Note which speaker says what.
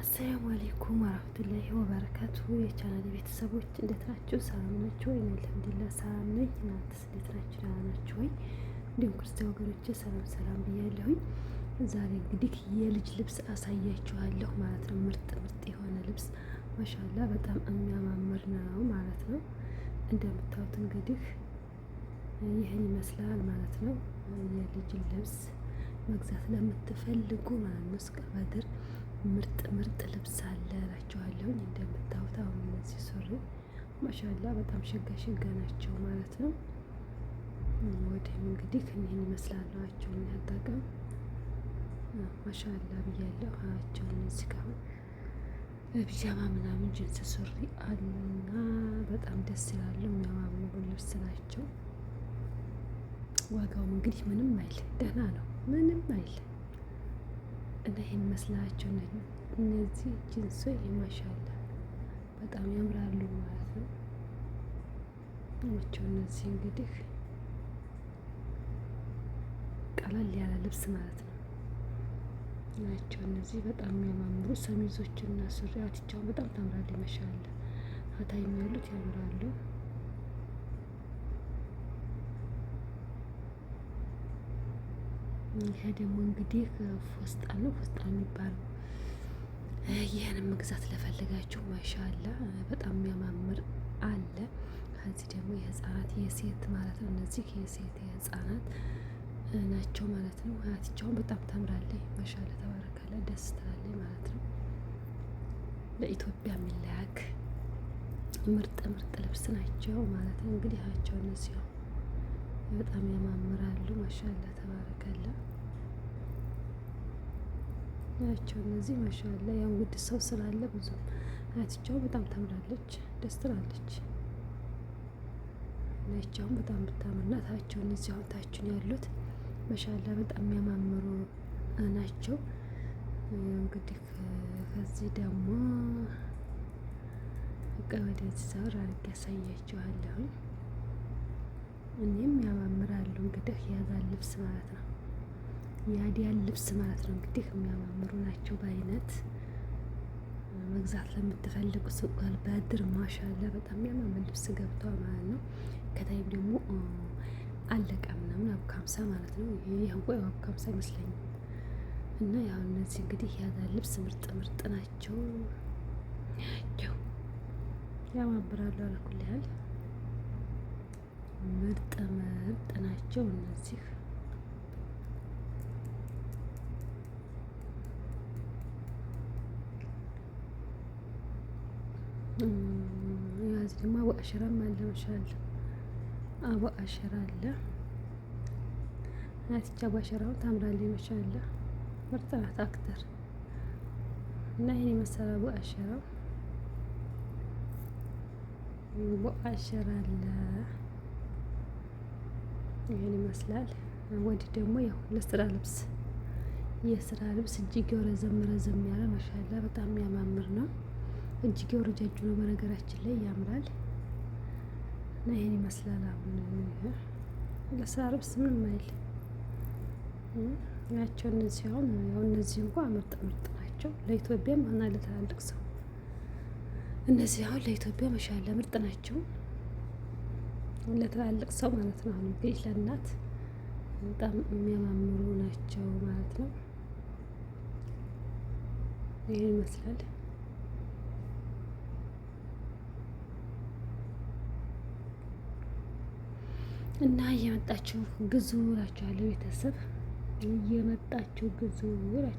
Speaker 1: አሰላሙ አሌይኩም ወራህመቱላሂ ወበረካቱ የቻናል ቤተሰቦች እንዴት ናችሁ? ሰላም ናችሁ ወይ? አልሐምዱሊላህ ሰላም ነኝ። እናንተስ እንዴት ናችሁ? ደህና ናችሁ ወይ? እንዲሁም ክርስቲያን ወገኖቼ ሰላም ሰላም ብያለሁኝ። ዛሬ እንግዲህ የልጅ ልብስ አሳያችኋለሁ ማለት ነው። ምርጥ ምርጥ የሆነ ልብስ ማሻላ በጣም የሚያማምር ነው ማለት ነው። እንደምታዩት እንግዲህ ይህን ይመስላል ማለት ነው። የልጅ ልብስ መግዛት ለምትፈልጉ ማለት ነው እስከ በድር ምርጥ ምርጥ ልብስ አለ እላችኋለሁኝ። እንደምታዩት አሁን እነዚህ ሱሪ ማሻላ በጣም ሸጋ ሸጋ ናቸው ማለት ነው። ወዲህም እንግዲህ እኒህን ይመስላላቸው ያጣቀም ማሻላ ብያለሁ። አያቸው እነዚህ ጋር በፒጃማ ምናምን ጅንስ ሱሪ አሉና በጣም ደስ ይላሉ። የሚያማምሩ ልብስ ናቸው። ዋጋውም እንግዲህ ምንም አይል ደህና ነው። ምንም አይል እና የሚመስላቸው እነዚህ ጅንሶች ማሻላ በጣም ያምራሉ ማለት ነው። ናቸው እነዚህ እንግዲህ ቀለል ያለ ልብስ ማለት ነው ናቸው። እነዚህ በጣም የሚያማምሩ ሰሚዞች እና ሱሪ በጣም ታምራለች። ማሻላ ሀታ የሚያሉት ያምራሉ። ይሄ ደግሞ እንግዲህ ፎስጣ ነው። ፎስጣ የሚባለው ይህን መግዛት ለፈልጋችሁ ማሻላ በጣም የሚያማምር አለ። ከዚህ ደግሞ የህፃናት የሴት ማለት ነው። እነዚህ የሴት የህፃናት ናቸው ማለት ነው። አያትቻውን በጣም ታምራለች። ማሻላ ተባረካለ፣ ደስ ትላለች ማለት ነው። ለኢትዮጵያ የሚላክ ምርጥ ምርጥ ልብስ ናቸው ማለት ነው። እንግዲህ አያቸው እነዚህ በጣም ያማምራሉ። ማሻላ ተባረካለ። ያቸው እነዚህ ማሻአላ ያን ውድ ሰው ስላለ ብዙ አያትቻው በጣም ታምራለች፣ ደስ ትላለች። ናቸውም በጣም ብታምርና ታቸውን እዚህ ታችን ያሉት ማሻአላ በጣም የሚያማምሩ ናቸው። እንግዲህ ከዚህ ደግሞ በቃ ወደዚህ ሰር አድርጌ እኔም ያማምራሉ እንግዲህ የዛን ልብስ ማለት ነው። የአዲያን ልብስ ማለት ነው እንግዲህ የሚያማምሩ ናቸው በአይነት መግዛት ለምትፈልጉ ሱቅ በድር ማሻላ በጣም የሚያማምር ልብስ ገብቷል ማለት ነው። ከታይም ደግሞ አለቀ ምናምን አብ ካምሳ ማለት ነው። ይህ ወ አብ ካምሳ አይመስለኝም እና ያው እነዚህ እንግዲህ ያዳ ልብስ ምርጥ ምርጥ ናቸው ናቸው ያማምራሉ። አለኩል ያህል ምርጥ ምርጥ ናቸው እነዚህ ያዝ ደግሞ አቡ አሸራም አለ መሻል አቡ አሸራ አለ ናትቻ አቡ አሸራው ታምራለች መሻል ምርጥ ናት አክተር እና ይሄን የመሰለ አቡ አሸራው አቡ አሸራ አለ ይሄን ይመስላል። ወዲህ ደግሞ ያው ለስራ ልብስ የስራ ልብስ እጅግ ረዘም ረዘም ያለ ማሻላ በጣም የሚያማምር ነው። እጅግ ረጃጅ ነው። በነገራችን ላይ ያምራል እና ይሄን ይመስላል። አሁን ለስራርብስ ምንም አይል ናቸው እነዚህ። አሁን ያው እነዚህ እንኳ ምርጥ ምርጥ ናቸው ለኢትዮጵያም ሆነ ለትላልቅ ሰው እነዚህ አሁን ለኢትዮጵያ መሻለ ምርጥ ናቸው ለትላልቅ ሰው ማለት ነው። አሁን እንግዲህ ለእናት በጣም የሚያማምሩ ናቸው ማለት ነው። ይህን ይመስላል። እና እየመጣችሁ ግዙ እላችኋለሁ ቤተሰብ እየመጣችሁ ግዙ እላችኋለሁ።